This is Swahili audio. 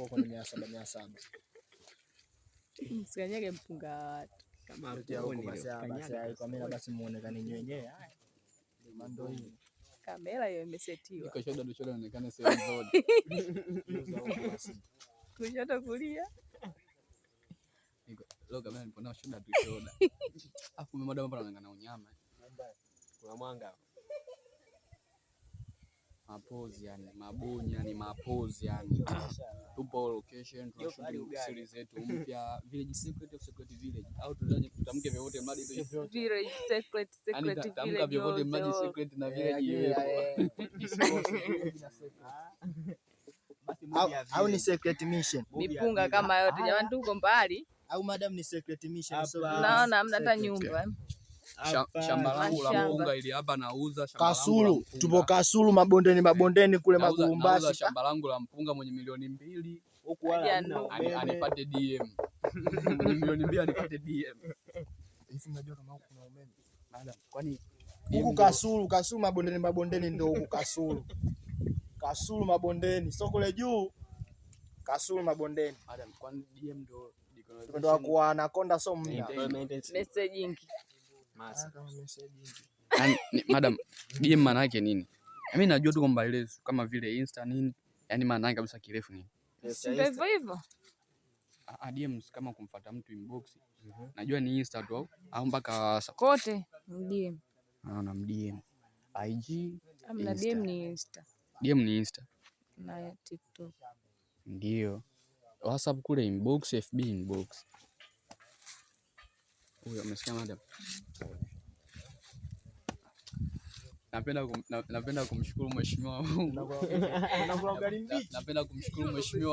kuwa kwenye mia saba mia saba msikanyage mpunga watu kama kamera, basi muonekane wenyewe. Ndio hiyo kamera hiyo imesetiwa, kushoto kushoto sehemu zote, kushoto kulia Mapozi yani, mapozi yani tupo location, tunashughuli series zetu mpya Village Secret of Secret Village au tunaje tutamke vyote mradi Village Secret Secret yaani Village. Tamka vyote mradi secret na village hiyo hiyo, Au ni secret mission. Mipunga kama yote jamani, tuko mbali. Au madam ni secret mission. Naona hamna hata nyumba shamba la mpunga ili hapa nauza Kasulu, tupo Kasulu mabondeni, mabondeni kule Makumbasi, shamba langu la mpunga mwenye milioni mbili huku anipate DM milioni mbili anipate DM huku Kasulu, Kasulu mabondeni, mabondeni ndio huku Kasulu, Kasulu mabondeni, soko le juu, Kasulu mabondeni ndo akuwa anakonda so mna messaging Ah, yaani, madam, DM maana yake nini? Mimi najua tu kwamba ile kama vile Insta nini, yani maana yake kabisa kirefu nini? Hivyo hivyo. DM kama kumfuata mtu inbox. Mm -hmm. Najua ni Insta tu au au mpaka kote DM. Naona DM. IG. Amna ah, DM ni Insta. DM ni Insta. Na ya TikTok. Ndio. WhatsApp kule inbox, FB inbox. Huyo amesikia madam. Napenda kumshukuru mheshimiwa Napenda kumshukuru mheshimiwa